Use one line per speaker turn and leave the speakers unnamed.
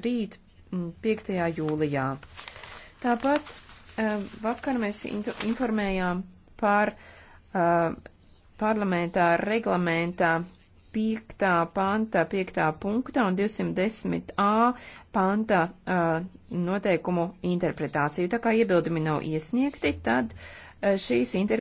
rīt 5. Mm, jūlijā. Tāpat eh, vakar mēs informējām par eh, parlamentā reglamentā 5. panta, 5. punktā un 210a panta uh, noteikumu interpretāciju. Tā kā iebildumi nav iesniegti,
tad uh, šīs interpretācijas.